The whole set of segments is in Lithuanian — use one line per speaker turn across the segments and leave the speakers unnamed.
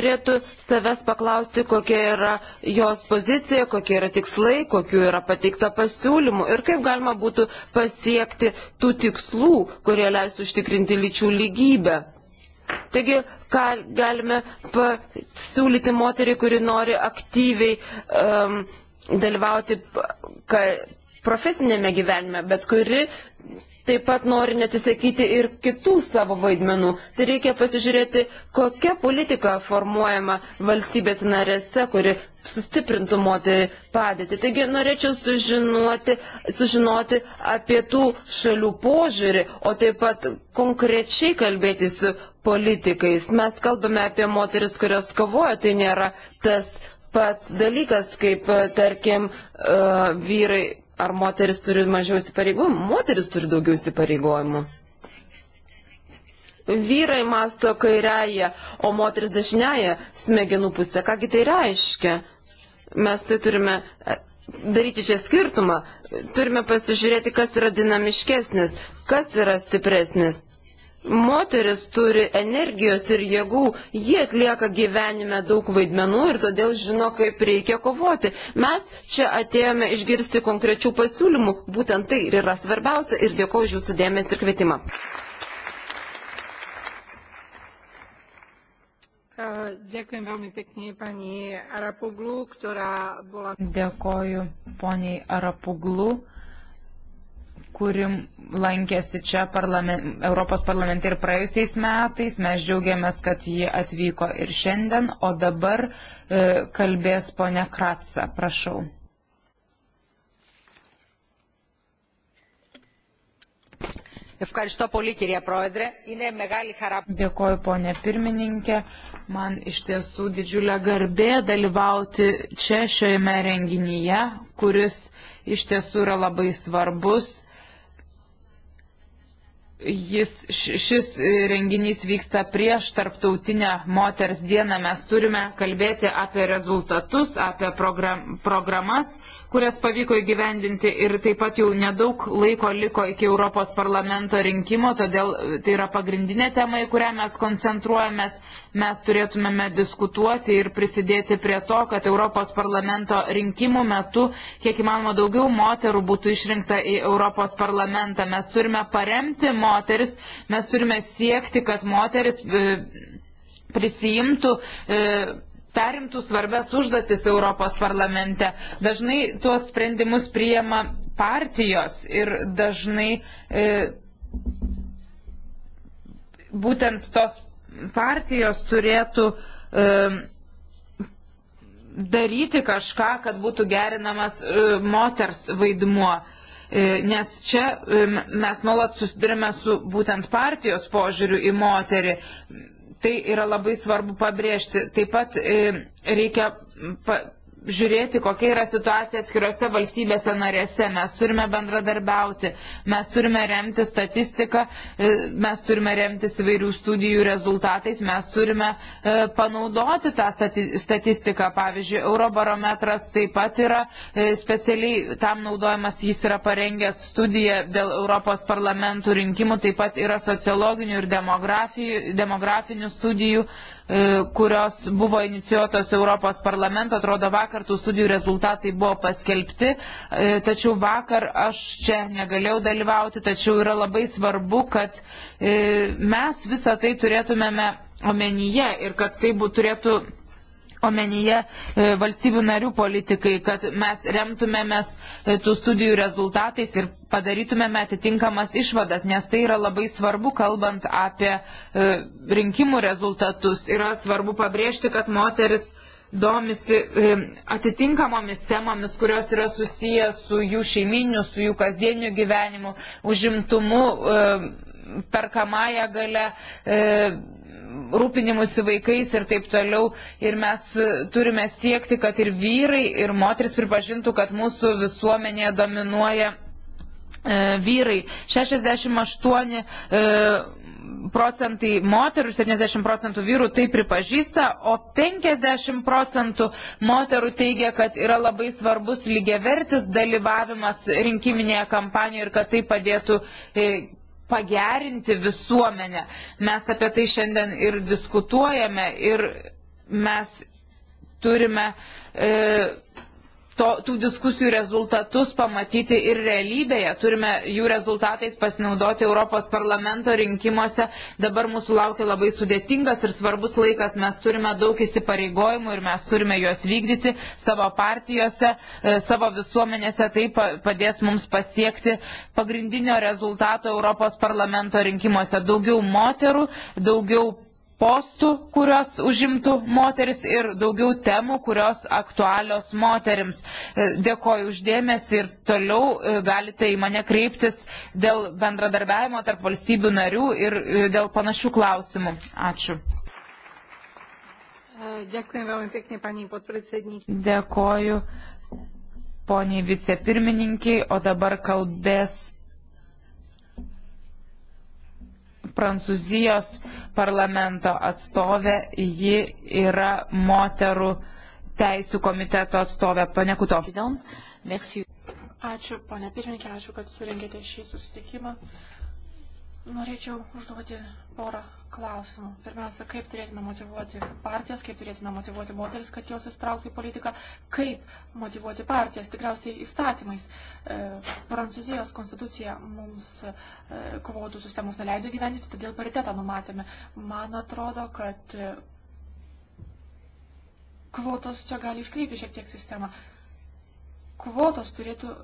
turėtų savęs paklausti, kokia yra jos pozicija, kokie yra tikslai, kokiu yra pateikta pasiūlymų ir kaip galima būtų pasiekti tų tikslų, kurie leis užtikrinti lyčių lygybę. Taigi, ką galime pasiūlyti moteriai, kuri nori aktyviai um, dalyvauti ka, profesinėme gyvenime, bet kuri taip pat nori netisakyti ir kitų savo vaidmenų. Tai reikia pasižiūrėti, kokia politika formuojama valstybės narėse, kuri sustiprintų moterį padėtį. Taigi norėčiau sužinoti, sužinoti apie tų šalių požiūrį, o taip pat konkrečiai kalbėti su politikais. Mes kalbame apie moteris, kurios kovoja, tai nėra tas pats dalykas, kaip, tarkim, e, vyrai ar moteris turi mažiau įsipareigojimų? Moteris turi daugiau įsipareigojimų. Vyrai masto kairiaje, o moteris dešinėje smegenų pusė. Kągi tai reiškia? Mes tai turime e, daryti čia skirtumą. Turime pasižiūrėti, kas yra dinamiškesnis, kas yra stipresnis. Moteris turi energijos ir jėgų, jie atlieka gyvenime daug vaidmenų ir todėl žino, kaip reikia kovoti. Mes čia atėjome išgirsti konkrečių pasiūlymų, būtent tai ir yra svarbiausia ir dėkoju už jūsų dėmesį ir kvietimą.
Dėkui e, veľmi pekne pani Arapuglu, ktorá bola...
Dėkoju poniai Arapuglu kuri lankėsi čia parlament, Europos parlamente ir praėjusiais metais. Mes džiaugiamės, kad ji atvyko ir šiandien, o dabar e, kalbės ponia Kratsa. Prašau. Dėkoju, ponė pirmininkė. Man iš tiesų didžiulė garbė dalyvauti čia šioje renginyje, kuris iš tiesų yra labai svarbus jis, šis renginys vyksta prieš tarptautinę moters dieną. Mes turime kalbėti apie rezultatus, apie program, programas, kurias pavyko įgyvendinti ir taip pat jau nedaug laiko liko iki Europos parlamento rinkimo, todėl e, tai yra pagrindinė tema, į kurią mes koncentruojamės. Mes turėtumėme diskutuoti ir prisidėti prie to, kad Europos parlamento rinkimų metu kiek įmanoma daugiau moterų būtų išrinkta į Europos parlamentą. Mes turime paremti moteris, mes turime siekti, kad moteris e, prisijimtų. E, perimtų svarbės užduotis Europos parlamente. Dažnai tuos sprendimus priema partijos ir dažnai e, būtent tos partijos turėtų e, daryti kažką, kad būtų gerinamas e, moters vaidmuo. E, nes čia e, mes nuolat susidurime su būtent partijos požiūriu į moterį. Tai yra labai svarbu pabrėžti. Taip pat e, reikia žiūrėti, kokia yra situacija atskiriuose valstybėse narėse. Mes turime bendradarbiauti, mes turime remti statistiką, e, mes turime remtis įvairių studijų rezultatais, mes turime e, panaudoti tą statistiką. Pavyzdžiui, Eurobarometras taip pat yra e, specialiai tam naudojamas, jis yra parengęs studiją dėl Europos parlamentų rinkimų, taip pat yra sociologinių ir demografinių studijų. E, kurios buvo inicijuotos Europos parlamento. Atrodo, vakar tų studijų rezultatai buvo paskelbti, e, tačiau vakar aš čia negalėjau dalyvauti, tačiau yra labai svarbu, kad e, mes visą tai turėtumėme omenyje ir kad tai būtų turėtų omenyje e, valstybių narių politikai, kad mes remtumėmės e, tų studijų rezultatais ir padarytumėme atitinkamas išvadas, nes tai yra labai svarbu, kalbant apie e, rinkimų rezultatus. Yra svarbu pabrėžti, kad moteris domisi atitinkamomis temomis, kurios yra susijęs su jų šeiminiu, su jų kasdieniu gyvenimu, užimtumu, perkamąją galę rūpinimusi vaikais ir taip toliau. Ir mes e, turime siekti, kad ir vyrai, ir moteris pripažintų, kad mūsų visuomenėje dominuoja e, vyrai. 68 e, procentai moterų, 70 procentų vyrų tai pripažįsta, o 50 procentų moterų teigia, kad yra labai svarbus lygiavertis dalyvavimas rinkiminėje kampanijoje ir kad tai padėtų e, pagerinti visuomenę. Mes apie tai šiandien ir diskutuojame ir mes turime e, to, tų diskusijų rezultatus pamatyti ir realybėje. Turime jų rezultatais pasinaudoti Europos parlamento rinkimuose. Dabar mūsų laukia labai sudėtingas ir svarbus laikas. Mes turime daug įsipareigojimų ir mes turime juos vykdyti savo partijose, e, savo visuomenėse. Tai padės mums pasiekti pagrindinio rezultato Europos parlamento rinkimuose. Daugiau moterų, daugiau postų, kurios užimtų moteris ir daugiau temų, kurios aktualios moterims. E, dėkoju uždėmesi ir toliau e, galite į mane kreiptis dėl bendradarbiavimo tarp valstybių narių ir e, dėl panašių klausimų. Ačiū.
Dėkoju
poniai vicepirmininkiai, o dabar kalbės Prancūzijos parlamento atstovė, ji yra moterų teisų komiteto atstovė. Pane Kuto.
Ačiū, pane pirmininkė, ačiū, kad surinkėte šį susitikimą. Norėčiau užduoti porą klausimų. Pirmiausia, kaip turėtume motivuoti partijas, kaip turėtume motivuoti moteris, kad jos įsitrauktų į politiką, kaip motivuoti partijas, tikriausiai įstatymais. E, Prancūzijos konstitucija mums e, kovotų sistemos neleido gyventi, todėl paritetą numatėme. Man atrodo, kad e, kvotos čia gali iškreipti šiek tiek sistemą. Kvotos turėtų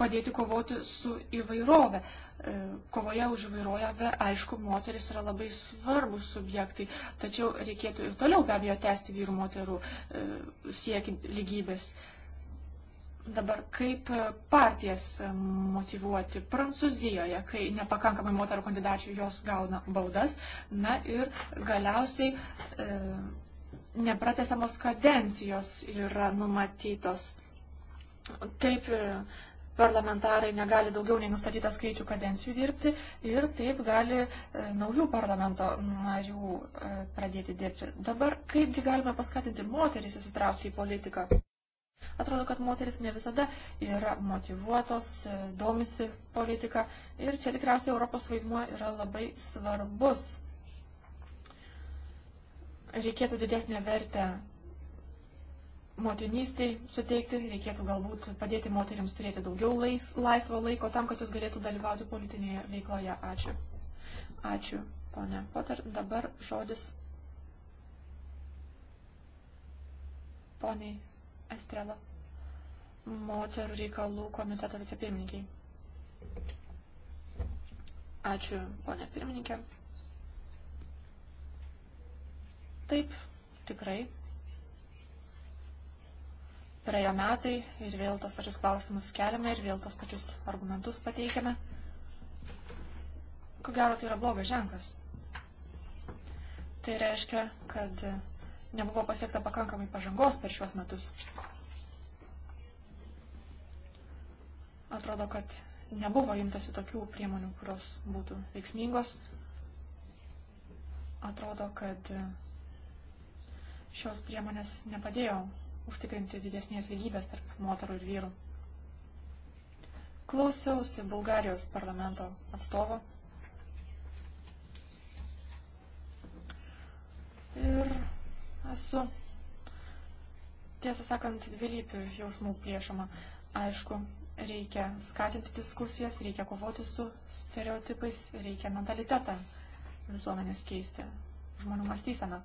padėti kovoti su įvairove. E, E, kovoje už įvairovę, aišku, moteris yra labai svarbus subjektai, tačiau reikėtų ir toliau be abejo tęsti vyrų moterų e, siekint lygybės. Dabar kaip partijas motivuoti Prancūzijoje, kai nepakankamai moterų kandidačių jos gauna baudas, na ir galiausiai e, nepratesamos kadencijos yra numatytos. Taip e, parlamentarai negali daugiau nei nustatytą skaičių kadencijų dirbti ir taip gali e, naujų parlamento narių e, pradėti dirbti. Dabar kaipgi galime paskatinti moteris įsitraukti į politiką? Atrodo, kad moteris ne visada yra motivuotos, e, domisi politika ir čia tikriausiai Europos vaidmuo yra labai svarbus. Reikėtų didesnę vertę motinystiai suteikti, reikėtų galbūt padėti moteriams turėti daugiau lais, laisvo laiko tam, kad jūs galėtų dalyvauti politinėje veikloje. Ačiū. Ačiū, ponia Potter. Dabar žodis poniai Estrela, moterų reikalų komiteto vicepirmininkiai. Ačiū, ponia pirmininkė. Taip, tikrai praėjo metai ir vėl tos pačius klausimus keliame ir vėl tos pačius argumentus pateikiame. Ko gero, tai yra blogas ženklas. Tai reiškia, kad nebuvo pasiekta pakankamai pažangos per šiuos metus. Atrodo, kad nebuvo imtasi tokių priemonių, kurios būtų veiksmingos. Atrodo, kad šios priemonės nepadėjo užtikrinti didesnės lygybės tarp moterų ir vyrų. Klausiausi Bulgarijos parlamento atstovo ir esu, tiesą sakant, dvilypių jausmų priešama. Aišku, reikia skatinti diskusijas, reikia kovoti su stereotipais, reikia mentalitetą visuomenės keisti, žmonių mąstyseną.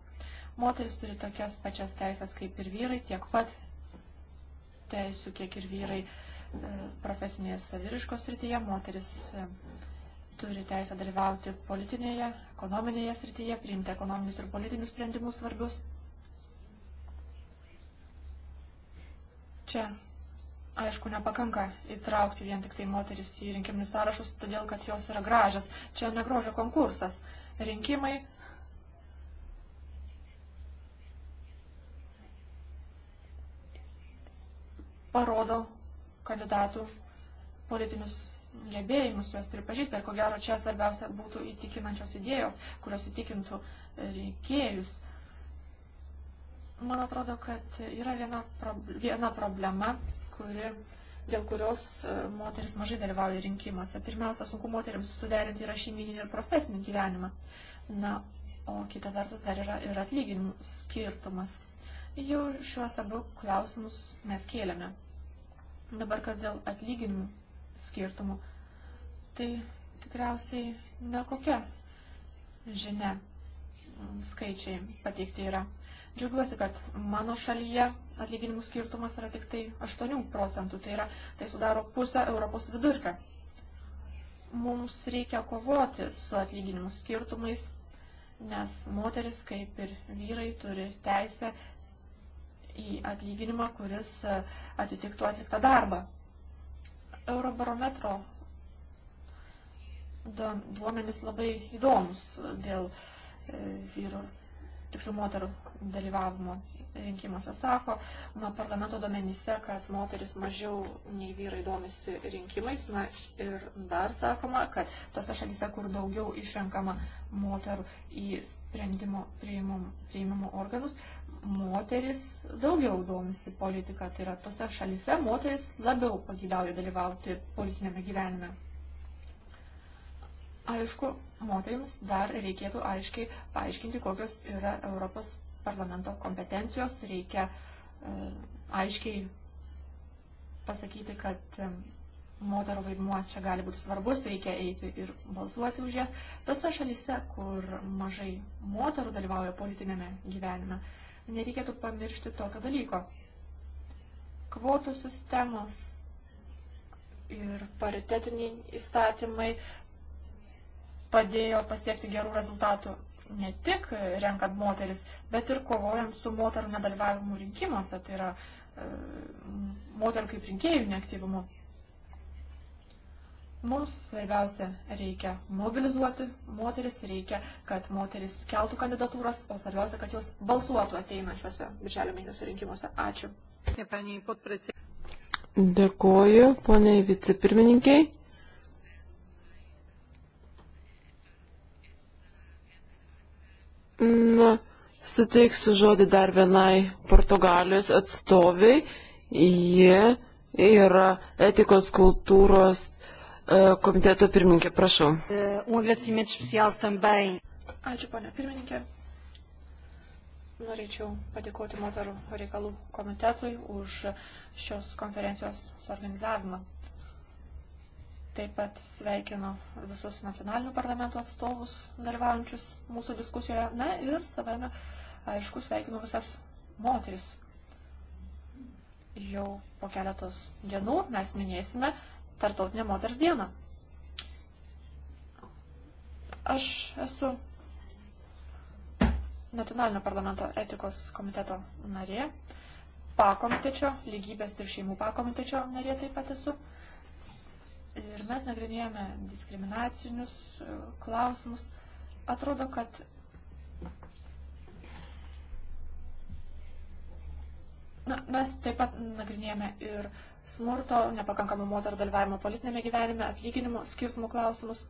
Moteris turi tokias pačias teisės kaip ir vyrai, tiek pat teisų, kiek ir vyrai e, profesinės saviriškos srityje. Moteris e, turi teisę dalyvauti politinėje, ekonominėje srityje, priimti ekonominius ir politinius sprendimus svarbius. Čia, aišku, nepakanka įtraukti vien tik tai moteris į rinkiminius sąrašus, todėl kad jos yra gražios. Čia negrožio konkursas. Rinkimai parodo kandidatų politinius gebėjimus, juos pripažįsta. Ir ko gero čia svarbiausia būtų įtikinančios idėjos, kurios įtikintų rinkėjus. Man atrodo, kad yra viena, prob viena problema, kuri, dėl kurios e, moteris mažai dalyvauja rinkimuose. Pirmiausia, sunku moteriams suderinti yra šeimininį ir profesinį gyvenimą. Na, o kita vertus dar yra ir atlyginimų skirtumas. Jau šiuos abu klausimus mes kėlėme Dabar kas dėl atlyginimų skirtumų, tai tikriausiai nekokia žinia skaičiai pateikti yra. Džiaugiuosi, kad mano šalyje atlyginimų skirtumas yra tik tai 8 procentų, tai, yra, tai sudaro pusę Europos vidurkio. Mums reikia kovoti su atlyginimų skirtumais, nes moteris, kaip ir vyrai, turi teisę į atlyginimą, kuris e, atitiktų atliktą darbą. Eurobarometro duomenys labai įdomus dėl e, vyrų, tiksliau moterų dalyvavimo rinkimuose sako, na, parlamento domenyse, kad moteris mažiau nei vyrai domisi rinkimais, na ir dar sakoma, kad tose šalyse, kur daugiau išrenkama moterų į sprendimo priimimo, priimimo organus, moteris daugiau domisi politika, tai yra tose šalise moteris labiau pagydauja dalyvauti politinėme gyvenime. Aišku, moterims dar reikėtų aiškiai paaiškinti, kokios yra Europos parlamento kompetencijos, reikia e, aiškiai pasakyti, kad e, moterų vaidmuo čia gali būti svarbus, reikia eiti ir balsuoti už jas. Tose šalyse, kur mažai moterų dalyvauja politinėme gyvenime, nereikėtų pamiršti tokio dalyko. Kvotų sistemos ir paritetiniai įstatymai padėjo pasiekti gerų rezultatų ne tik renkant moteris, bet ir kovojant su moterų nedalyvavimu rinkimuose, tai yra e, moterų kaip rinkėjų neaktyvumu. Mums svarbiausia reikia mobilizuoti moteris, reikia, kad moteris keltų kandidatūras, o svarbiausia, kad jos balsuotų ateinančiuose birželio mėnesio rinkimuose. Ačiū.
Dėkoju, poniai vicepirmininkiai. Na, suteiksiu žodį dar vienai Portugalijos atstoviai. Jie yra etikos kultūros E, komiteto pirmininkė, prašau.
E, Ačiū, ponia pirmininkė. Norėčiau padėkoti moterų reikalų komitetui už šios konferencijos suorganizavimą. Taip pat sveikinu visus nacionalinių parlamentų atstovus dalyvaujančius mūsų diskusijoje. Na ir savame, aišku, sveikinu visas moteris. Jau po keletos dienų mes minėsime tartautinę moters dieną. Aš esu nacionalinio parlamento etikos komiteto narė, pakomitečio, lygybės ir šeimų pakomitečio narė taip pat esu. Ir mes nagrinėjame diskriminacinius e, klausimus. Atrodo, kad na, mes taip pat nagrinėjame ir uh, smurto, nepakankamų moterų dalyvavimo politinėme gyvenime, atlyginimo skirtumų klausimus.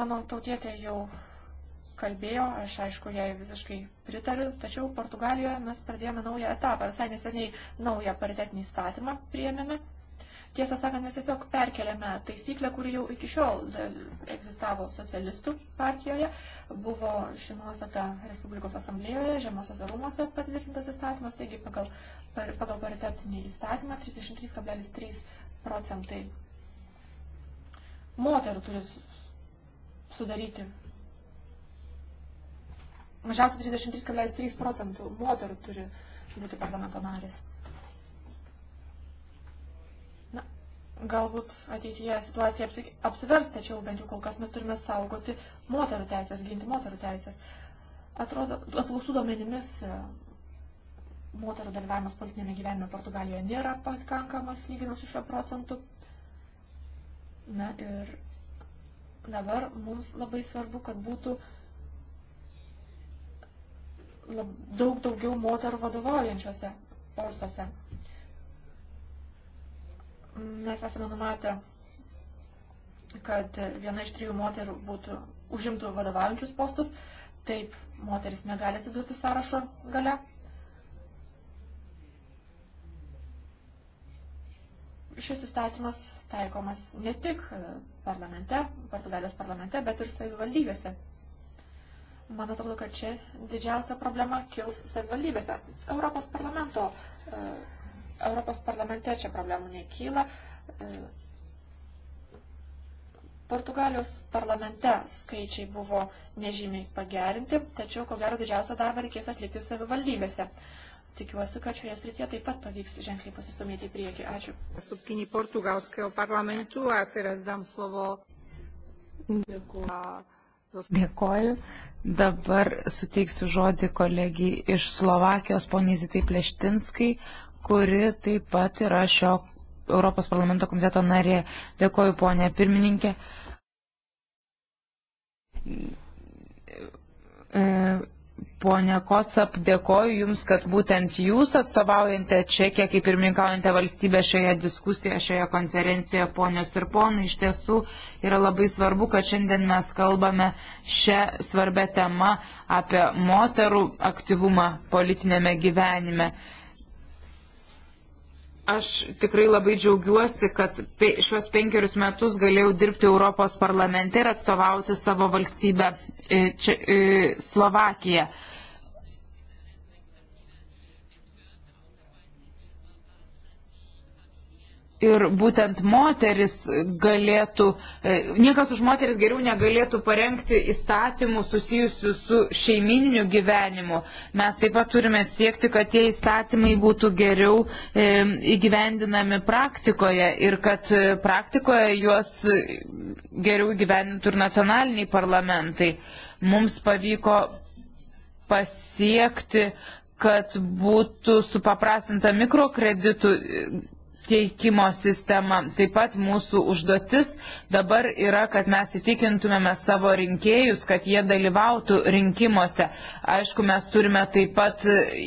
Mano tautietė jau kalbėjo, aš aišku, jai visiškai pritariu, tačiau Portugalijoje mes pradėjome naują etapą, visai neseniai naują paritetinį statymą priėmėme Tiesą sakant, mes tiesiog perkeliame taisyklę, kuri jau iki šiol egzistavo socialistų partijoje, buvo ši nuostata Respublikos asamblėjoje, Žemosios rūmose patvirtintas įstatymas, taigi pagal, par, pagal paritetinį įstatymą 33,3 procentai moterų turi sudaryti. Mažiausiai 33,3 procentų moterų turi būti parlamento narės. galbūt ateityje situacija apsivers, tačiau bent jau kol kas mes turime saugoti moterų teisės, ginti moterų teisės. Atrodo, atklausų duomenimis e, moterų dalyvavimas politinėme gyvenime Portugalijoje nėra pakankamas lyginant su šiuo procentu. Na ir dabar mums labai svarbu, kad būtų lab, daug daugiau moterų vadovaujančiose postuose mes esame numatę, kad viena iš trijų moterų būtų užimtų vadovaujančius postus. Taip, moteris negali atsidurti sąrašo gale. Šis įstatymas taikomas ne tik e, parlamente, Portugalijos parlamente, bet ir savivaldybėse. Man atrodo, kad čia didžiausia problema kils savivaldybėse. Europos parlamento uh, Europos parlamente čia problemų nekyla. E, Portugalijos parlamente skaičiai buvo nežymiai pagerinti, tačiau ko gero didžiausią darbą reikės atlikti savivaldybėse. Tikiuosi,
kad šioje srityje taip pat pavyks ženkliai pasistumėti į priekį. Ačiū. Stupkinį portugalskio parlamentų, a teraz dam slovo. Dėkoju.
Dabar suteiksiu žodį kolegijai iš Slovakijos, ponizitai Pleštinskai, kuri taip pat yra šio Europos parlamento komiteto narė. Dėkoju, ponė pirmininkė. E, Pone Kocap, dėkoju Jums, kad būtent Jūs atstovaujate Čekiją kaip pirmininkaujantę valstybę šioje diskusijoje, šioje konferencijoje, ponios ir ponai. Iš tiesų yra labai svarbu, kad šiandien mes kalbame šią svarbę temą apie moterų aktyvumą politinėme gyvenime. Aš tikrai labai džiaugiuosi, kad pe, šiuos penkerius metus galėjau dirbti Europos parlamente ir atstovauti savo valstybę e, čia, e, Slovakiją. ir būtent moteris galėtų, e, niekas už moteris geriau negalėtų parengti įstatymų susijusių su šeimininiu gyvenimu. Mes taip pat turime siekti, kad tie įstatymai būtų geriau e, įgyvendinami praktikoje ir kad e, praktikoje juos geriau įgyvendintų ir nacionaliniai parlamentai. Mums pavyko pasiekti, kad būtų supaprastinta mikrokreditų teikimo sistemą. Taip pat mūsų užduotis dabar yra, kad mes įtikintumėme savo rinkėjus, kad jie dalyvautų rinkimuose. Aišku, mes turime taip pat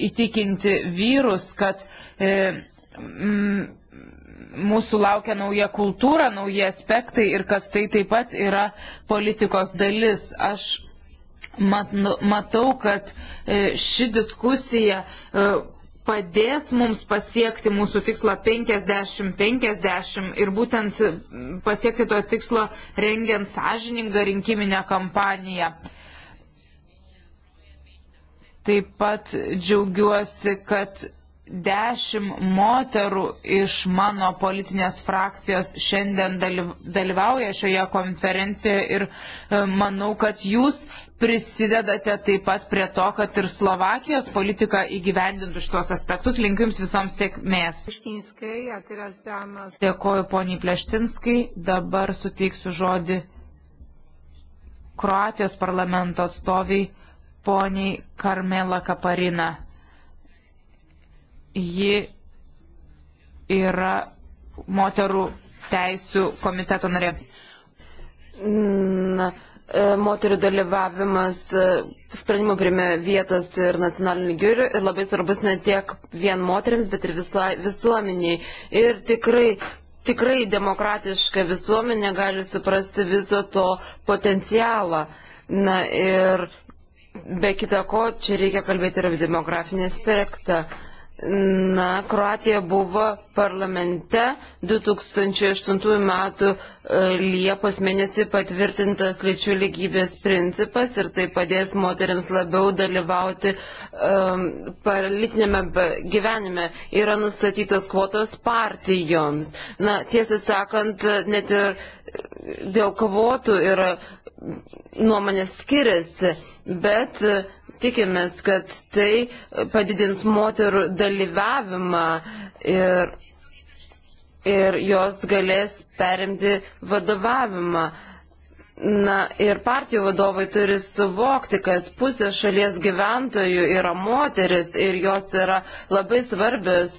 įtikinti vyrus, kad e, m, mūsų laukia nauja kultūra, nauji aspektai ir kad tai taip pat yra politikos dalis. Aš nu, matau, kad e, ši diskusija e, padės mums pasiekti mūsų tikslo 50-50 ir būtent pasiekti to tikslo rengiant sąžiningą rinkiminę kampaniją. Taip pat džiaugiuosi, kad dešimt moterų iš mano politinės frakcijos šiandien dalyvauja šioje konferencijoje ir e, manau, kad jūs prisidedate taip pat prie to, kad ir Slovakijos politika įgyvendintų šitos aspektus. Linkiu Jums visoms sėkmės. Dėkoju poniai Pleštinskai. Dabar suteiksiu žodį Kroatijos parlamento atstoviai poniai Karmela Kaparina ji yra moterų teisų komiteto narė.
Na, e, moterių dalyvavimas e, sprendimų primė vietos ir nacionalinių gyrių ir labai svarbus ne tiek vien moteriams, bet ir visai visuomeniai. Ir tikrai, tikrai demokratiška visuomenė gali suprasti viso to potencialą. Na ir be kita ko, čia reikia kalbėti ir apie demografinį aspektą. Uh, Na, Kroatija buvo parlamente 2008 m. E, Liepos mėnesį patvirtintas lyčių lygybės principas ir tai padės moteriams labiau dalyvauti um, e, politinėme gyvenime. Yra nustatytos kvotos partijoms. Na, tiesą sakant, net ir dėl kvotų yra nuomonės skiriasi, bet uh, Tikimės, kad tai padidins moterų dalyvavimą ir, ir jos galės perimti vadovavimą. Na ir partijų vadovai turi suvokti, kad pusė šalies gyventojų yra moteris ir jos yra labai svarbios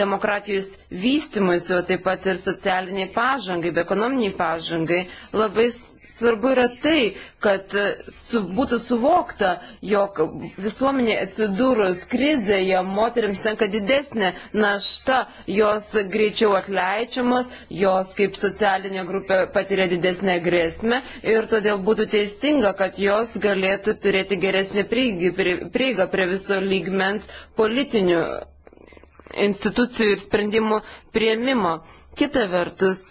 demokratijos vystimuisi, o taip pat ir socialiniai pažangai, ekonominiai pažangai. Labai Svarbu yra tai, kad e, su, būtų suvokta, jog visuomenė atsidūrus krizėje moteriams tenka didesnė našta, jos greičiau atleidžiamas, jos kaip socialinė grupė patiria didesnę grėsmę ir todėl būtų teisinga, kad jos galėtų turėti geresnį prieigą prie viso lygmens politinių institucijų ir sprendimų prieimimo. Kita vertus,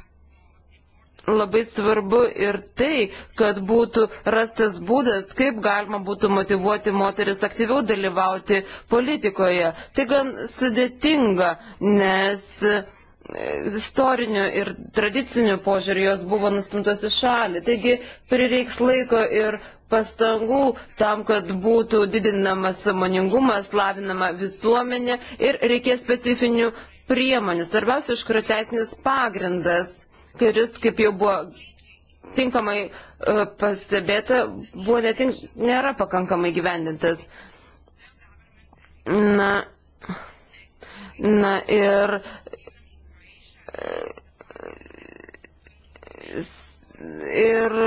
Labai svarbu ir tai, kad būtų rastas būdas, kaip galima būtų motivuoti moteris aktyviau dalyvauti politikoje. Tai gan sudėtinga, nes e, istoriniu ir tradiciniu požiūriu jos buvo nustumtos į šalį. Taigi prireiks laiko ir pastangų tam, kad būtų didinamas samoningumas, lavinama visuomenė ir reikės specifinių priemonių. Svarbiausia, iš kur teisinis pagrindas kuris, kaip jau buvo tinkamai e, pastebėta, buvo netink, nėra pakankamai gyvendintas. Na, na ir e, ir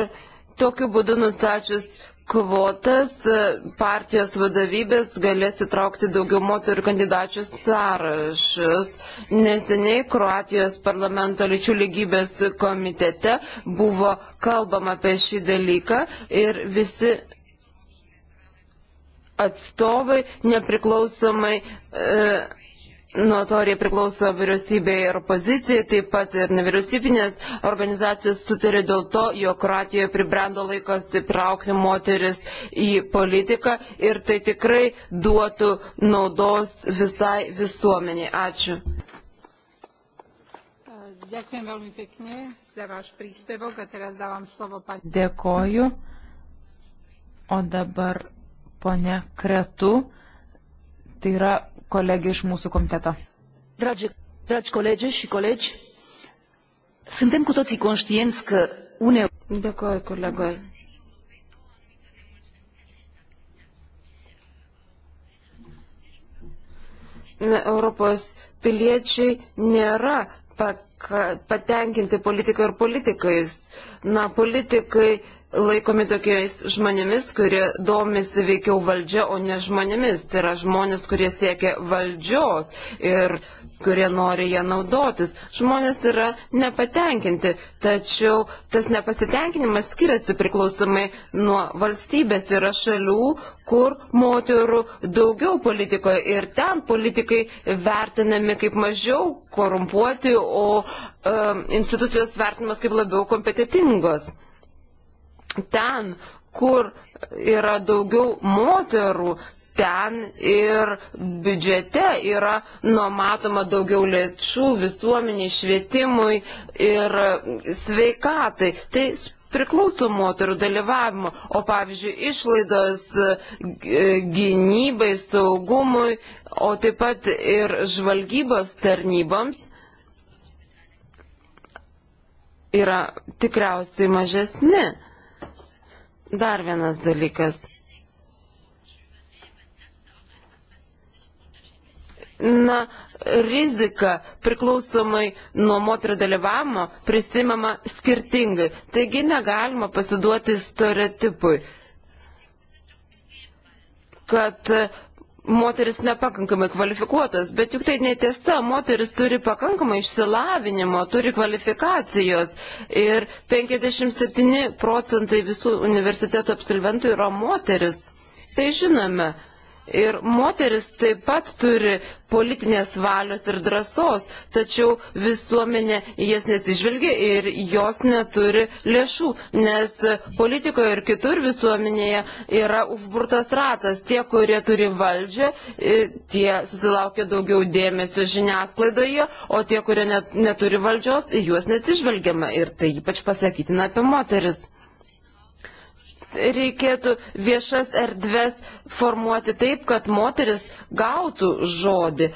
tokiu būdu nustačius kvotas partijos vadovybės galės įtraukti daugiau moterų kandidačių sąrašus. Neseniai Kroatijos parlamento lyčių lygybės komitete buvo kalbama apie šį dalyką ir visi atstovai nepriklausomai e, Nuo to ir priklauso vyriausybė ir opozicija, taip pat ir nevyriausybinės organizacijos sutarė dėl to, jog Kroatijoje pribrendo laikas įtraukti moteris į politiką ir tai tikrai duotų naudos visai visuomeniai. Ačiū. Dėkoju.
O dabar ponia Kretu, tai yra kolegė iš mūsų komiteto.
Dragi, dragi kolegi și colegi, suntem cu toții conștienți că uneori... Dėkoju, kolego. Na, Europos piliečiai nėra patenkinti politikai ir politikais. Na, politikai laikomi tokiais žmonėmis, kurie domisi veikiau valdžia, o ne žmonėmis. Tai yra žmonės, kurie siekia valdžios ir kurie nori ją naudotis. Žmonės yra nepatenkinti, tačiau tas nepasitenkinimas skiriasi priklausomai nuo valstybės. Yra šalių, kur moterų daugiau politikoje ir ten politikai vertinami kaip mažiau korumpuoti, o e, institucijos vertinamas kaip labiau kompetitingos ten, kur yra daugiau moterų, ten ir biudžete yra numatoma daugiau lėčių visuomeniai, švietimui ir sveikatai. Tai priklauso moterų dalyvavimo, o pavyzdžiui, išlaidos gynybai, saugumui, o taip pat ir žvalgybos tarnyboms yra tikriausiai mažesni. Dar vienas dalykas. Na, rizika priklausomai nuo moterio dalyvavimo prisimama skirtingai. Taigi negalima pasiduoti stereotipui, kad uh, moteris nepakankamai kvalifikuotos, bet juk tai netiesa, moteris turi pakankamai išsilavinimo, turi kvalifikacijos ir 57 procentai visų universiteto absolventų yra moteris. Tai žinome, Ir moteris taip pat turi politinės valios ir drąsos, tačiau visuomenė jas nesižvelgia ir jos neturi lėšų, nes politikoje ir kitur visuomenėje yra užburtas ratas. Tie, kurie turi valdžią, e, tie susilaukia daugiau dėmesio žiniasklaidoje, o tie, kurie net, neturi valdžios, juos nesižvelgiama ir tai ypač pasakytina apie moteris reikėtų viešas erdves formuoti taip, kad moteris gautų žodį.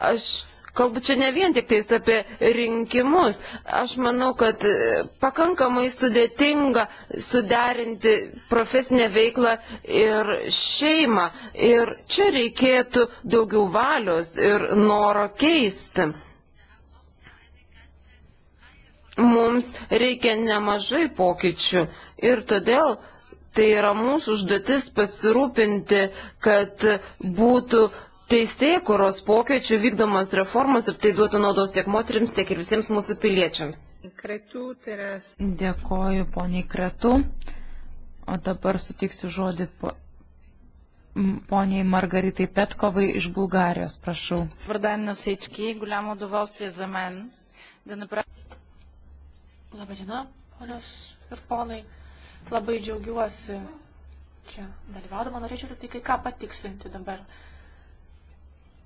Aš kalbu čia ne vien tik tais apie rinkimus. Aš manau, kad e, pakankamai sudėtinga suderinti profesinę veiklą ir šeimą. Ir čia reikėtų daugiau valios ir noro keisti. Mums reikia nemažai pokyčių. Ir todėl tai yra mūsų užduotis pasirūpinti, kad būtų teisėkuros pokėčių vykdomos reformos ir tai duotų naudos tiek moteriams, tiek ir visiems mūsų piliečiams.
Kretu, teres.
Tai Dėkoju, poniai Kretu. O dabar sutiksiu žodį po... poniai Margaritai Petkovai iš Bulgarijos, prašau.
Labadiena, ponios ir ponai. Labai džiaugiuosi čia dalyvaudama, norėčiau tik kai ką patikslinti dabar.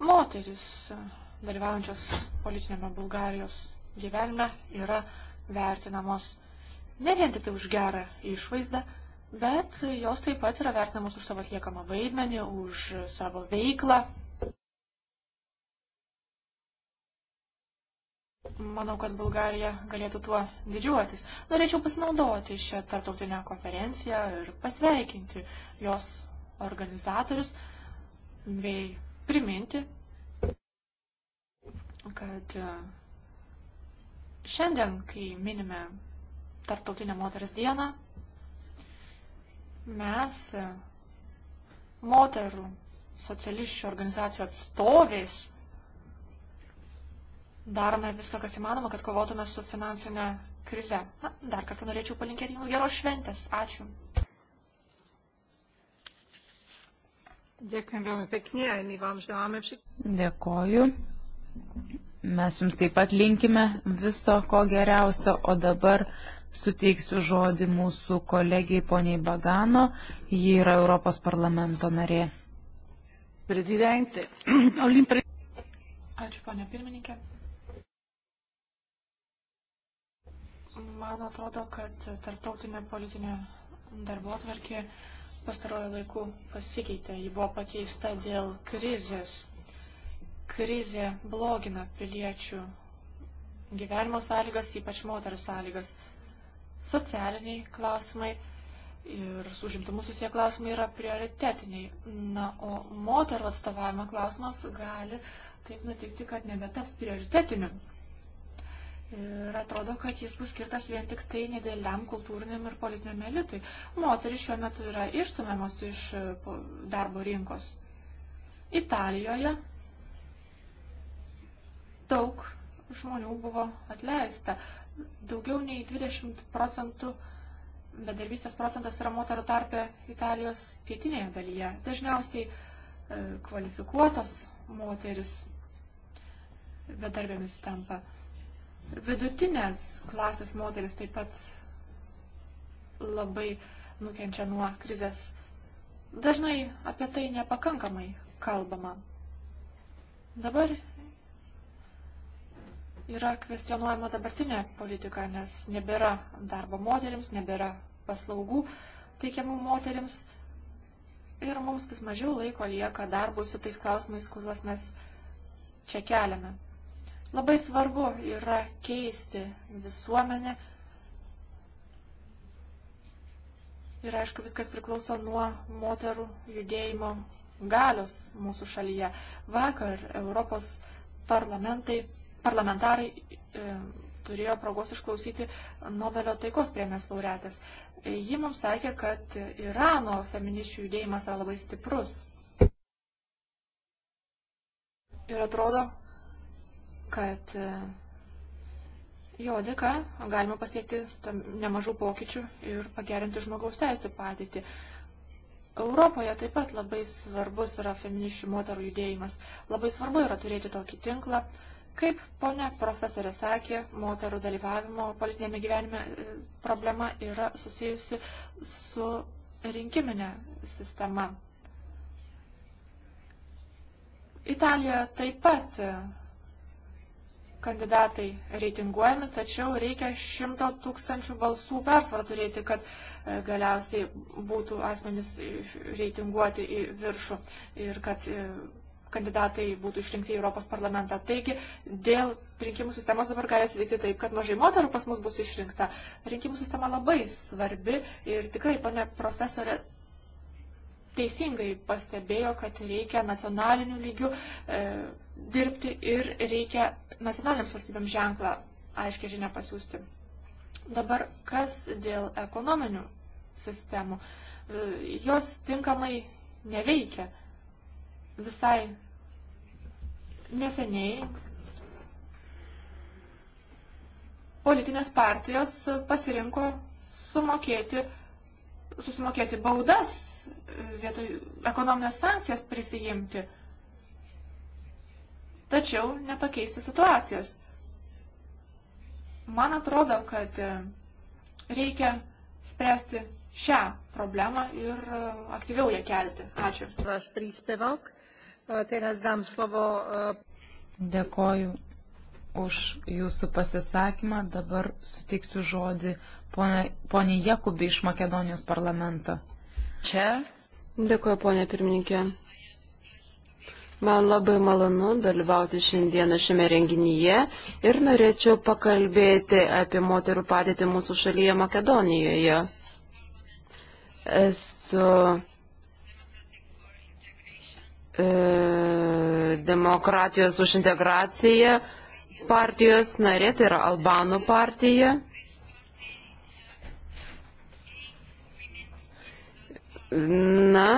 Moteris dalyvaujančios politinėme Bulgarijos gyvenime yra vertinamos ne vien tik tai už gerą išvaizdą, bet jos taip pat yra vertinamos už savo atliekamą vaidmenį, už savo veiklą, manau, kad Bulgarija galėtų tuo didžiuotis. Norėčiau pasinaudoti šią tarptautinę konferenciją ir pasveikinti jos organizatorius bei priminti, kad e, šiandien, kai minime tarptautinę moters dieną, mes e, moterų socialisčių organizacijų atstovės darome viską, kas įmanoma, kad kovotume su finansinė krize. Na, dar kartą norėčiau palinkėti Jums geros šventės. Ačiū.
Dėkui Jums peknie, my Vam želame.
Dėkoju. Mes Jums taip pat linkime viso ko geriausio, o dabar suteiksiu žodį mūsų kolegijai poniai Bagano, ji yra Europos parlamento narė.
Prezidentė, Olimpė.
Ačiū, ponia pirmininkė. Man atrodo, kad tarptautinė politinė darbo atvarkė pastarojo laiku pasikeitė. Ji buvo pakeista dėl krizės. Krizė blogina piliečių gyvenimo sąlygas, ypač moterų sąlygas. Socialiniai klausimai ir su užimtumu susiję klausimai yra prioritetiniai. Na, o moterų atstovavimo klausimas gali taip nutikti, kad nebetaps prioritetiniu. Ir atrodo, kad jis bus skirtas vien tik tai nedėliam kultūriniam ir politiniam elitui. Moteris šiuo metu yra ištumiamas iš e, darbo rinkos. Italijoje daug žmonių buvo atleista. Daugiau nei 20 procentų bedarbystės procentas yra moterų tarpe Italijos pietinėje dalyje. Dažniausiai e, kvalifikuotos moteris bedarbėmis tampa. Vidutinės klasės moteris taip pat labai nukenčia nuo krizės. Dažnai apie tai nepakankamai kalbama. Dabar yra kvestionuojama dabartinė politika, nes nebėra darbo moteriams, nebėra paslaugų teikiamų moteriams ir mums vis mažiau laiko lieka darbui su tais klausimais, kuriuos mes čia keliame. Labai svarbu yra keisti visuomenę. Ir aišku, viskas priklauso nuo moterų judėjimo galios mūsų šalyje. Vakar Europos parlamentarai e, turėjo progos išklausyti Nobelio taikos premijos laureatės. Ji mums sakė, kad Irano feminiščių judėjimas yra labai stiprus. Ir atrodo, kad e, jo dėka galima pasiekti nemažų pokyčių ir pagerinti žmogaus teisų padėtį. Europoje taip pat labai svarbus yra feminiščių moterų judėjimas. Labai svarbu yra turėti tokį tinklą. Kaip ponia profesorė sakė, moterų dalyvavimo politinėme gyvenime e, problema yra susijusi su rinkiminė sistema. Italijoje taip pat e, kandidatai reitinguojami, tačiau reikia šimto tūkstančių balsų persvarą turėti, kad e, galiausiai būtų asmenys reitinguoti į viršų ir kad e, kandidatai būtų išrinkti į Europos parlamentą. Taigi dėl rinkimų sistemos dabar gali atsitikti taip, kad mažai moterų pas mus bus išrinkta. Rinkimų sistema labai svarbi ir tikrai, pane profesorė, teisingai pastebėjo, kad reikia nacionaliniu lygiu e, dirbti ir reikia nacionaliniams valstybėms ženklą aiškiai žinia pasiūsti. Dabar kas dėl ekonominių sistemų? E, jos tinkamai neveikia. Visai neseniai politinės partijos pasirinko sumokėti, susimokėti baudas e, vietoj ekonominės sankcijas prisijimti tačiau nepakeisti situacijos. Man atrodo, kad e, reikia spręsti šią problemą ir
e, aktyviau ją kelti. Ačiū. Aš prispevok, e, tai mes dam slovo.
Dėkoju už jūsų pasisakymą. Dabar suteiksiu žodį poniai Jakubi iš Makedonijos parlamento.
Čia. Dėkoju, ponė pirmininkė. Man labai malonu dalyvauti šiandieną šiame renginyje ir norėčiau pakalbėti apie moterų padėtį mūsų šalyje Makedonijoje. Esu e, demokratijos už integraciją partijos narė, tai yra Albanų partija. Na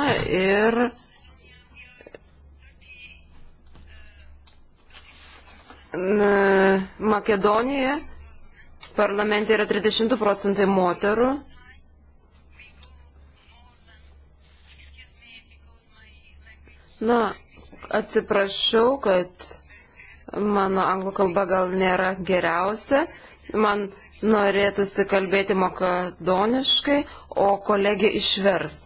ir Makedonijoje parlamente yra 32 procentai moterų. Na, atsiprašau, kad mano anglų kalba gal nėra geriausia. Man norėtųsi kalbėti makedoniškai, o kolegė išvers.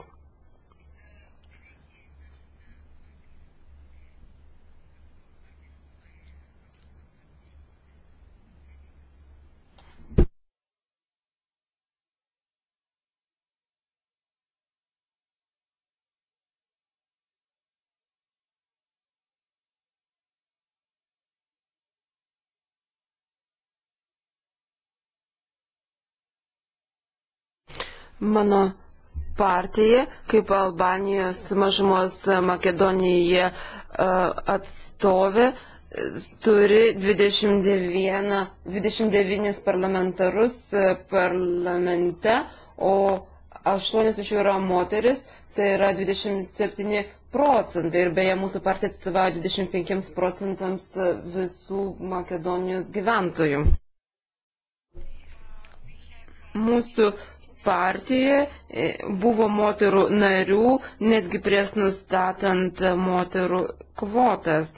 Mano partija, kaip Albanijos mažumos Makedonija e, atstovė, turi 21, 29 parlamentarus e, parlamente, o 8 iš jų yra moteris, tai yra 27 procentai. Ir beje, mūsų partija atstovauja 25 procentams visų Makedonijos gyventojų. Mūsų partijoje e, buvo moterų narių, netgi prieš nustatant moterų kvotas.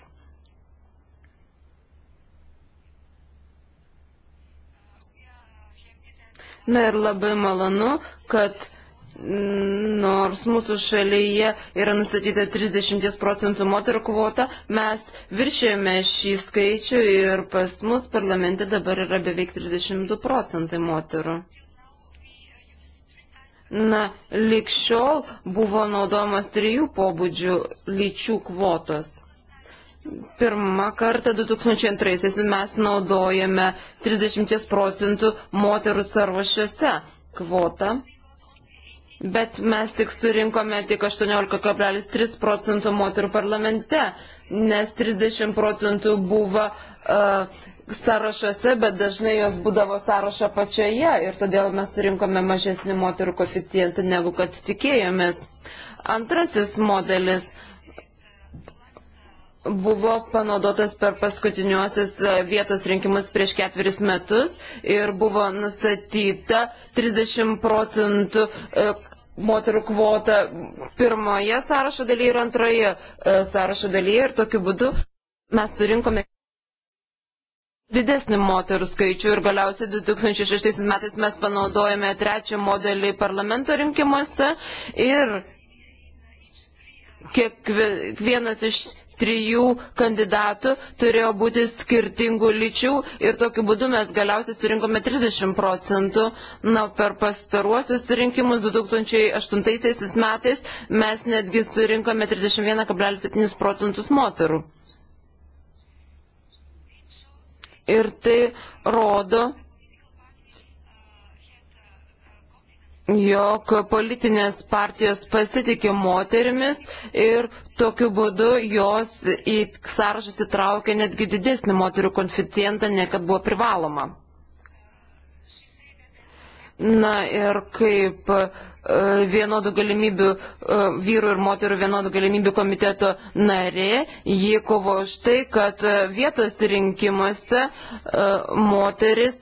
Na ir labai malonu, kad nors mūsų šalyje yra nustatyta 30 procentų moterų kvota, mes viršėjome šį skaičių ir pas mus parlamente dabar yra beveik 32 procentai moterų. Na, likščiol buvo naudojamas trijų pobūdžių lyčių kvotos. Pirmą kartą 2002-aisiais mes naudojame 30 procentų moterų sąrašuose kvotą, bet mes tik surinkome tik 18,3 procentų moterų parlamente, nes 30 procentų buvo uh, E, sąrašuose, bet dažnai jos būdavo sąrašo pačioje ir todėl mes surinkome mažesnį moterų koficijantą negu kad tikėjomės. Antrasis modelis buvo panaudotas per paskutiniuosius e, vietos rinkimus prieš ketveris metus ir buvo nustatyta 30 procentų e, moterų kvota pirmoje sąrašo dalyje ir antroje sąrašo dalyje ir tokiu būdu mes surinkome didesnį moterų skaičių ir galiausiai 2006 metais mes panaudojame trečią modelį parlamento rinkimuose ir kiekvienas iš trijų kandidatų turėjo būti skirtingų lyčių ir tokiu būdu mes galiausiai surinkome 30 procentų. Na, per pastaruosius rinkimus 2008 metais mes netgi surinkome 31,7 procentus moterų. ir tai rodo, jog politinės partijos pasitikė moterimis ir tokiu būdu jos į sąrašą įtraukė netgi didesnį moterių konficientą, ne kad buvo privaloma. Na ir kaip uh, E, vienodų galimybių e, vyrų ir moterų vienodų galimybių komiteto narė. Ji kovo už tai, kad e, vietos rinkimuose moteris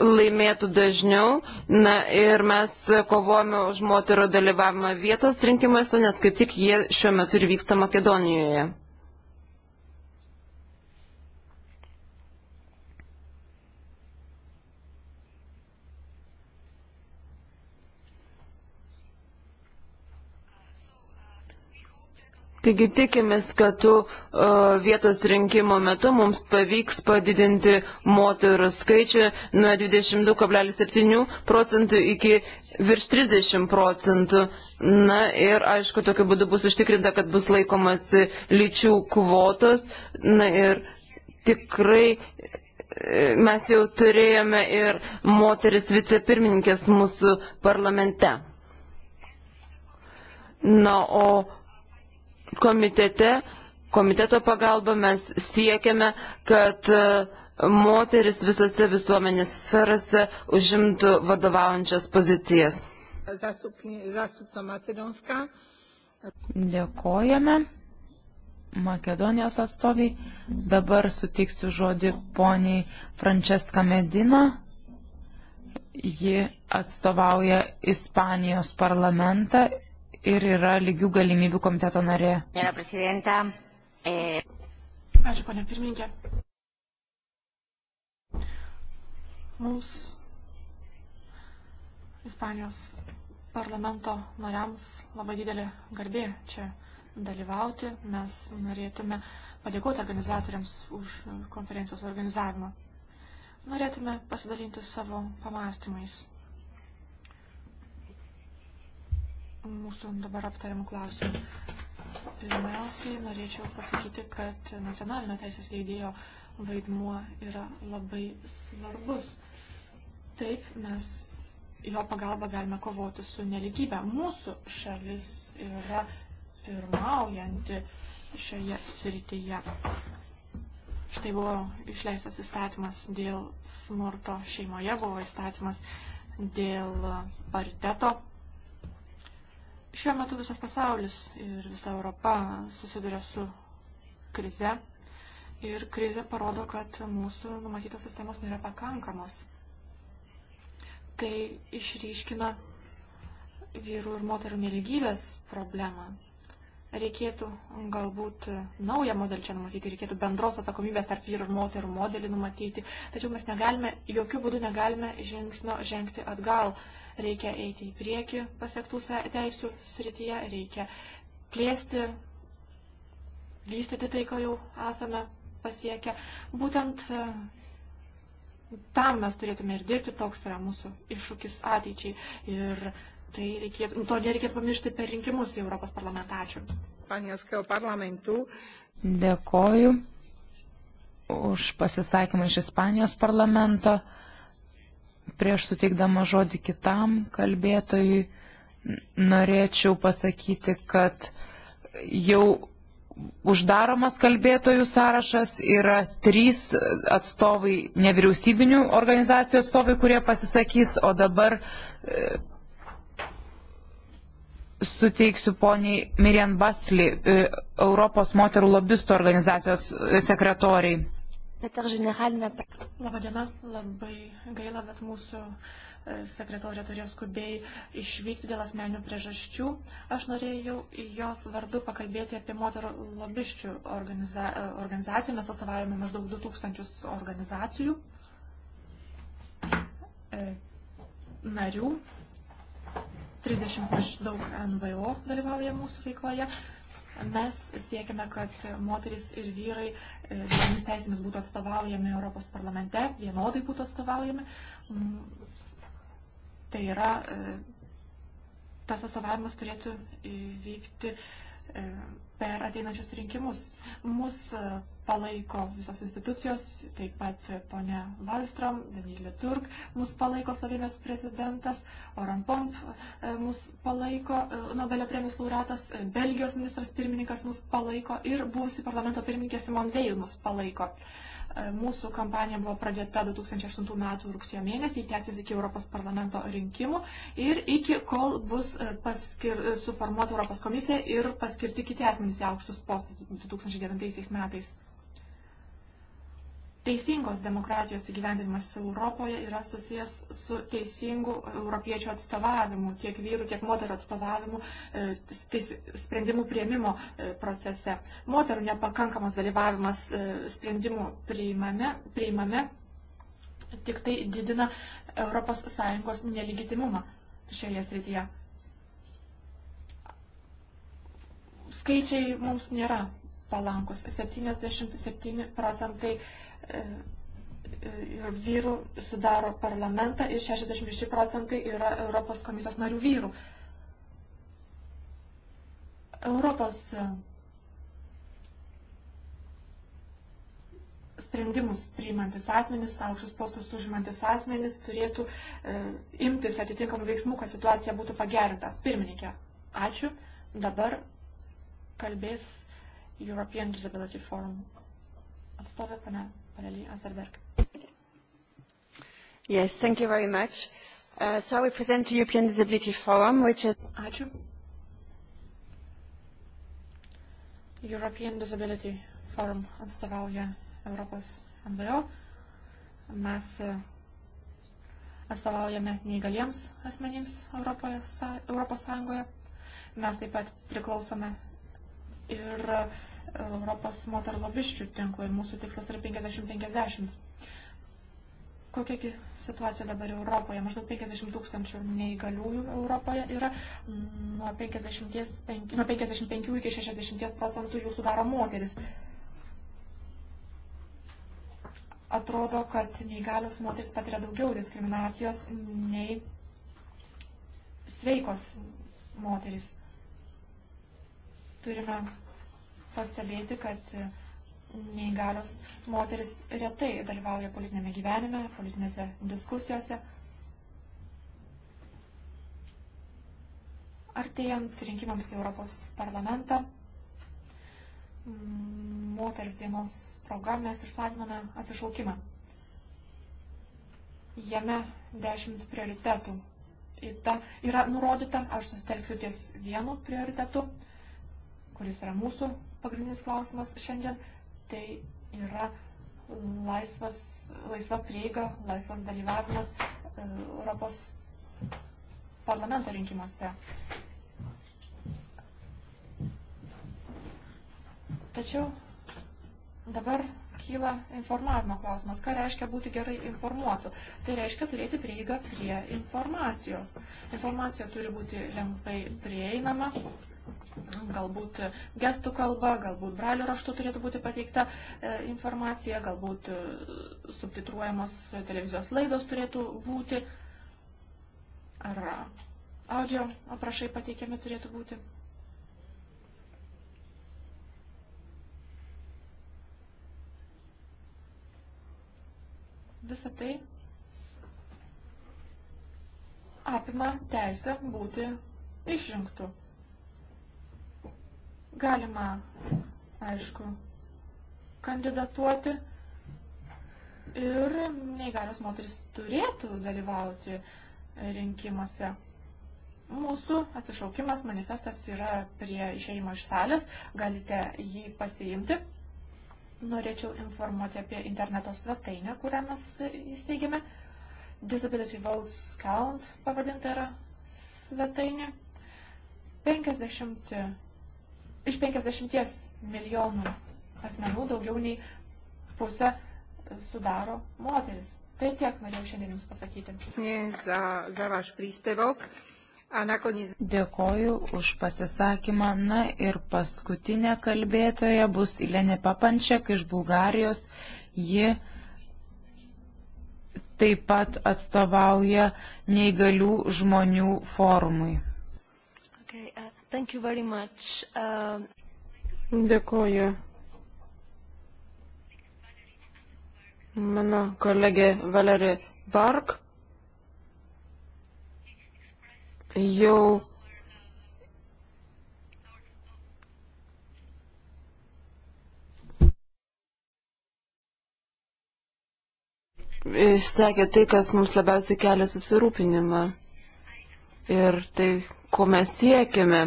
laimėtų dažniau. Na ir mes kovojame už moterų dalyvavimą vietos rinkimuose, nes kaip tik jie šiuo metu ir vyksta Makedonijoje. Taigi tikimės, kad tų e, vietos rinkimo metu mums pavyks padidinti moterų skaičių nuo 22,7 procentų iki virš 30 procentų. Na ir aišku, tokiu būdu bus užtikrinta, kad bus laikomasi lyčių kvotos. Na ir tikrai e, mes jau turėjome ir moteris vicepirmininkės mūsų parlamente. Na, o komitete, komiteto pagalba mes siekiame, kad e, moteris visose visuomenės sferose užimtų vadovaujančias pozicijas. Dėkojame. Makedonijos
atstoviai. Dabar sutiksiu žodį poniai Franceska Medina. Ji atstovauja Ispanijos parlamentą ir yra lygių galimybių komiteto narė.
Eh, Ačiū, ponia pirmininkė.
Mums Ispanijos parlamento nariams labai didelė garbė čia dalyvauti. Mes norėtume padėkoti organizatoriams už konferencijos organizavimą. Norėtume pasidalinti savo pamastymais. mūsų dabar aptariamų klausimų. Pirmiausiai norėčiau pasakyti, kad nacionalinio teisės leidėjo vaidmuo yra labai svarbus. Taip mes jo pagalba galime kovoti su neligybė. Mūsų šalis yra pirmaujanti šioje srityje. Štai buvo išleistas įstatymas dėl smurto šeimoje, buvo įstatymas dėl pariteto Šiuo metu visas pasaulis ir visa Europa susiduria su krize ir krize parodo, kad mūsų numatytos sistemos nėra pakankamos. Tai išryškina vyrų ir moterų neligybės problemą. Reikėtų galbūt naują modelį čia numatyti, reikėtų bendros atsakomybės tarp vyrų ir moterų modelį numatyti, tačiau mes negalime, jokių būdų negalime žingsnio žengti atgal reikia eiti į priekį pasiektų teisų srityje, reikia plėsti, vystyti tai, ko jau esame pasiekę. Būtent e, tam mes turėtume ir dirbti, toks yra mūsų iššūkis ateičiai. Ir tai reikėtų, to nereikėtų pamiršti per rinkimus į Europos parlamentą. Ačiū. Panieskio parlamentų.
Dėkoju už pasisakymą iš Ispanijos parlamento. Prieš suteikdama žodį kitam kalbėtojui norėčiau pasakyti, kad jau uždaromas kalbėtojų sąrašas yra trys atstovai, nevyriausybinių organizacijų atstovai, kurie pasisakys, o dabar e, suteiksiu poniai Mirjan Basli, e, Europos moterų lobistų organizacijos sekretoriai
sekretorė generalinė. Labadiena, labai gaila, bet mūsų e, sekretorė turėjo skubiai išvykti dėl asmeninių priežasčių. Aš norėjau jos vardu pakalbėti apie moterų lobiščių organiza e, organizaciją. Mes atstovaujame maždaug 2000 organizacijų e, narių. 30 maždaug NVO dalyvauja mūsų veikloje mes siekiame, kad moteris ir vyrai lygiomis teisėmis būtų atstovaujami Europos parlamente, vienodai būtų atstovaujami. Mm, tai yra, e, tas atstovavimas turėtų vykti e, per ateinančius rinkimus. Mūsų e, palaiko visos institucijos, taip pat ponia Valstrom, Danilė Turk, mus palaiko Slovenijos prezidentas, Oran Pomp e, mus palaiko, e, Nobelio premijos laureatas, e, Belgijos ministras pirmininkas mus palaiko ir buvusi parlamento pirmininkė Simon Veil mus palaiko. Mūsų kampanija buvo pradėta 2008 m. rugsėjo mėnesį, tęsis iki Europos parlamento rinkimų ir iki kol bus paskir, suformuota Europos komisija ir paskirti kiti asmenys į aukštus postus 2009 metais. Teisingos demokratijos įgyvendinimas Europoje yra susijęs su teisingu europiečių atstovavimu, tiek vyrų, tiek moterų atstovavimu e, teis, sprendimų prieimimo e, procese. Moterų nepakankamas dalyvavimas e, sprendimų priimame, priimame tik tai didina ES nelegitimumą šioje srityje. Skaičiai mums nėra palankus. 77 procentai ir vyrų sudaro parlamentą ir 66 procentai yra Europos komisijos narių vyrų. Europos sprendimus priimantis asmenys, aukštus postus užimantis asmenys turėtų e, imtis atitinkamų veiksmų, kad situacija būtų pagerinta. Pirmininkė, ačiū. Dabar kalbės European Disability Forum atstovė pane Valerie Azerberg. Yes, thank you very much. Uh, so I will present the European Disability Forum, which is... Ačiū. European Disability Forum atstovauja Europos NVO. Mes e, atstovaujame neįgaliems asmenims Europoje, Europos Sąjungoje. Mes taip pat priklausome ir uh, Europos moterų lobiščių tinklo ir mūsų tikslas yra 50-50. Kokiagi situacija dabar Europoje? Maždaug 50 tūkstančių neįgaliųjų Europoje yra, nuo 50, nuo 55 iki 60 procentų jų sudaro moteris atrodo, kad neįgalios moteris patiria daugiau diskriminacijos nei sveikos moteris. Turime pastebėti, kad neįgalios moteris retai dalyvauja politinėme gyvenime, politinėse diskusijose. Artėjant rinkimams į Europos parlamentą, moters dienos proga mes išplatinome atsišaukimą. Jame dešimt prioritetų ta, yra nurodyta, aš susitelksiu ties vienu prioritetu, kuris yra mūsų pagrindinis klausimas šiandien, tai yra laisvas, laisva prieiga, laisvas dalyvavimas e, Europos parlamento rinkimuose. Tačiau dabar kyla informavimo klausimas. Ką reiškia būti gerai informuotu? Tai reiškia turėti prieigą prie informacijos. Informacija turi būti lengvai prieinama, galbūt e, gestų kalba, galbūt brailio raštu turėtų būti pateikta e, informacija, galbūt e, subtitruojamos televizijos laidos turėtų būti, ar audio aprašai pateikiami turėtų būti. Visą tai apima teisę būti išrinktų. Galima, aišku, kandidatuoti ir neįgalios moteris turėtų dalyvauti rinkimuose. Mūsų atsišaukimas manifestas yra prie išeimo iš salės, galite jį pasiimti. Norėčiau informuoti apie interneto svetainę, kurią mes įsteigėme. Disability Votes Count pavadinta yra svetainė. 50 iš 50 milijonų asmenų daugiau nei pusę sudaro moteris. Tai tiek norėjau šiandien Jums
pasakyti. Za, za vaš pristevok. Dėkoju
už pasisakymą. Na ir paskutinė kalbėtoja bus Ilenė Papančiak iš Bulgarijos. Ji taip pat atstovauja neįgalių žmonių forumui.
Thank you very much. Uh... Um, Dėkuoju. Mano kolegė Valerija Bark jau išsakė tai, kas mums labiausiai kelia susirūpinimą. Ir tai ko mes siekiame.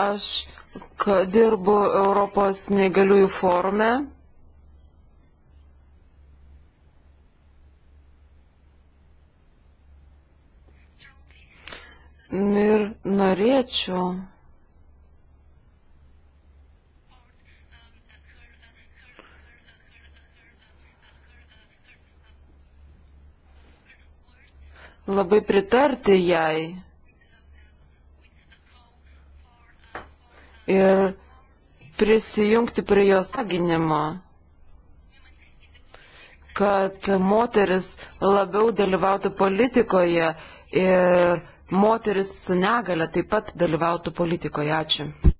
Aš dirbu Europos negaliųjų forume. Ir norėčiau labai pritarti jai. Ir prisijungti prie jos aginimo, kad moteris labiau dalyvautų politikoje ir moteris su negale taip pat dalyvautų politikoje. Ačiū.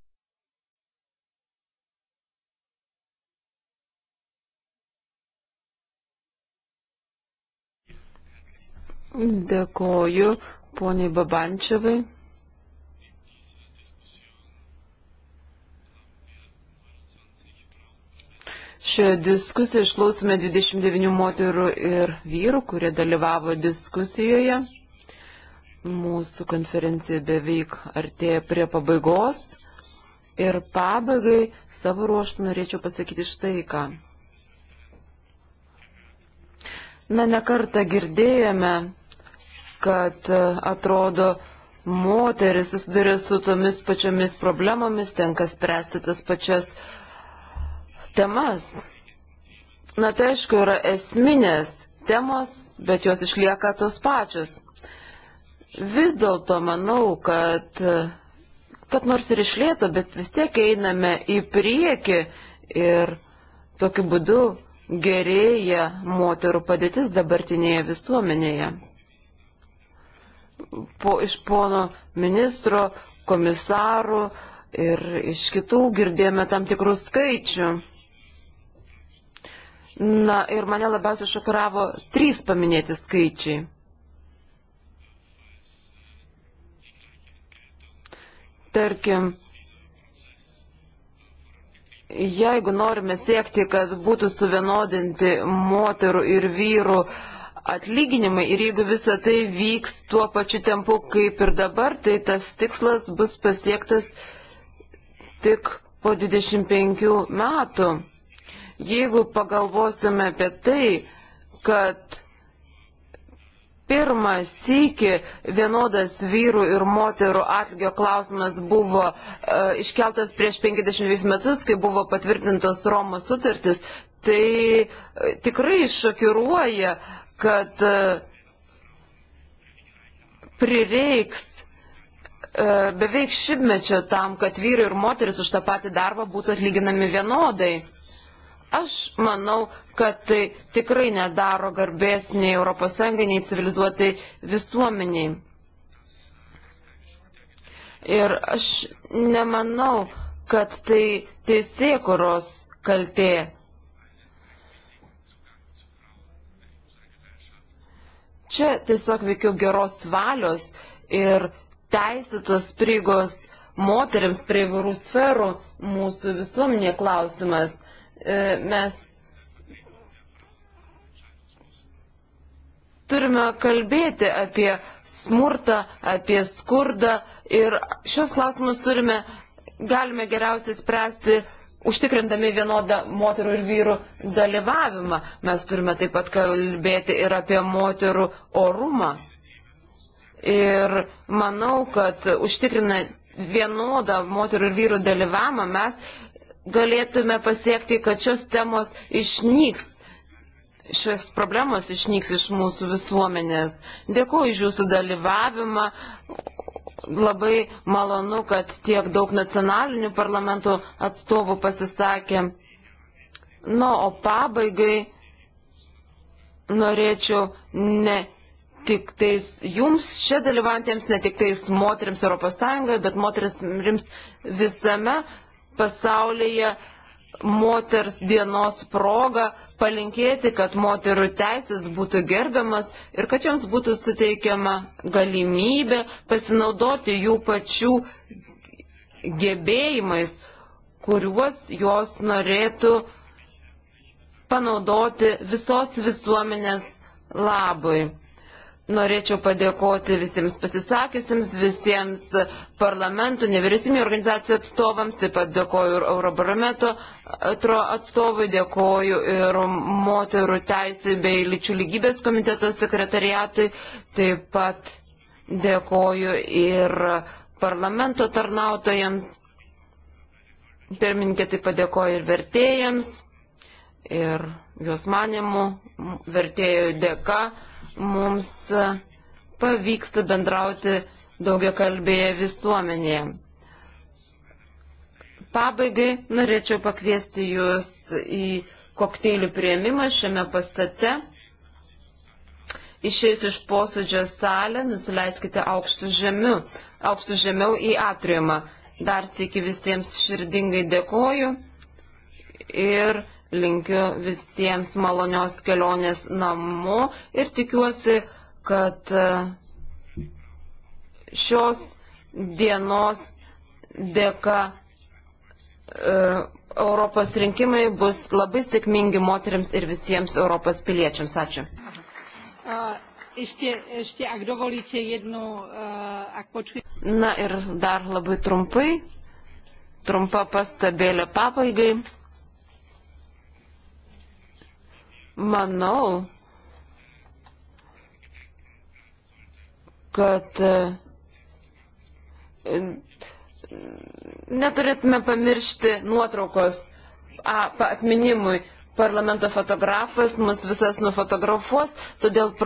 Dėkoju poniai Babančiavai. Šioje diskusijoje išklausome 29 moterų ir vyrų, kurie dalyvavo diskusijoje. Mūsų konferencija beveik artėja prie pabaigos. Ir pabaigai savo ruoštų norėčiau pasakyti štai ką. Na, nekartą girdėjome kad e, atrodo moteris susiduria su tomis pačiomis problemomis, tenka spręsti tas pačias temas. Na tai aišku, yra esminės temos, bet jos išlieka tos pačios. Vis dėlto manau, kad, e, kad nors ir išlėto, bet vis tiek einame į priekį ir tokiu būdu gerėja moterų padėtis dabartinėje visuomenėje po, iš pono ministro, komisarų ir iš kitų girdėjome tam tikrų skaičių. Na ir mane labiausiai šokiravo trys paminėti skaičiai. Tarkim, jeigu norime siekti, kad būtų suvienodinti moterų ir vyrų uh, atlyginimai ir jeigu visa tai vyks tuo pačiu tempu kaip ir dabar, tai tas tikslas bus pasiektas tik po 25 metų. Jeigu pagalvosime apie tai, kad pirmą sykį vienodas vyrų ir moterų atlygio klausimas buvo e, iškeltas prieš 52 metus, kai buvo patvirtintos Romos sutartis, tai e, tikrai šokiruoja e, kad e, prireiks e, beveik šimtmečio tam, kad vyrai ir moteris už tą patį darbą būtų atlyginami vienodai. Aš manau, kad tai tikrai nedaro garbės nei ES, nei civilizuotai visuomeniai. Ir aš nemanau, kad tai teisėkuros kaltė. Čia tiesiog veikiau geros valios ir teisėtos prigos moteriams prie įvairių sferų mūsų visuomenė klausimas. E, mes turime kalbėti apie smurtą, apie skurdą ir šios klausimus turime, galime geriausiai spręsti užtikrindami vienodą moterų ir vyrų dalyvavimą. Mes turime taip pat kalbėti ir apie moterų orumą. Ir manau, kad užtikrina vienodą moterų ir vyrų dalyvavimą mes galėtume pasiekti, kad šios temos išnyks. Šios problemos išnyks iš mūsų visuomenės. Dėkuoju už jūsų dalyvavimą, Labai malonu, kad tiek daug nacionalinių parlamentų atstovų pasisakė. Nu, o pabaigai norėčiau ne tik tais jums čia dalyvantiems, ne tik tais moteriams ES, bet moteriams visame pasaulyje moters dienos proga palinkėti, kad moterų teisės būtų gerbiamas ir kad joms būtų suteikiama galimybė pasinaudoti jų pačių gebėjimais, kuriuos jos norėtų panaudoti visos visuomenės labui. Norėčiau padėkoti visiems pasisakysiams, visiems parlamentų, nevyriausybinio organizacijų atstovams, taip pat dėkoju ir Eurobarometo atstovui, dėkoju ir moterų teisų bei lyčių lygybės komiteto sekretariatui, taip pat dėkoju ir parlamento tarnautojams, pirmininkė taip pat dėkoju ir vertėjams, ir juos manimų vertėjų dėka mums pavyksta bendrauti daugia kalbėje visuomenėje. Pabaigai norėčiau pakviesti jūs į kokteilių prieimimą šiame pastate. Išėjus iš posėdžio salę, nusileiskite aukštų žemių, aukštų žemiau į atriumą. Dar sėki visiems širdingai dėkoju ir linkiu visiems malonios kelionės namo ir tikiuosi, kad e, šios dienos dėka e, Europos rinkimai bus labai sėkmingi moteriams ir visiems Europos piliečiams. Ačiū. E, Na ir dar labai trumpai, trumpa pastabėlė pabaigai. manau, kad e, neturėtume pamiršti nuotraukos a, atminimui. Parlamento fotografas mus visas nufotografuos, todėl pro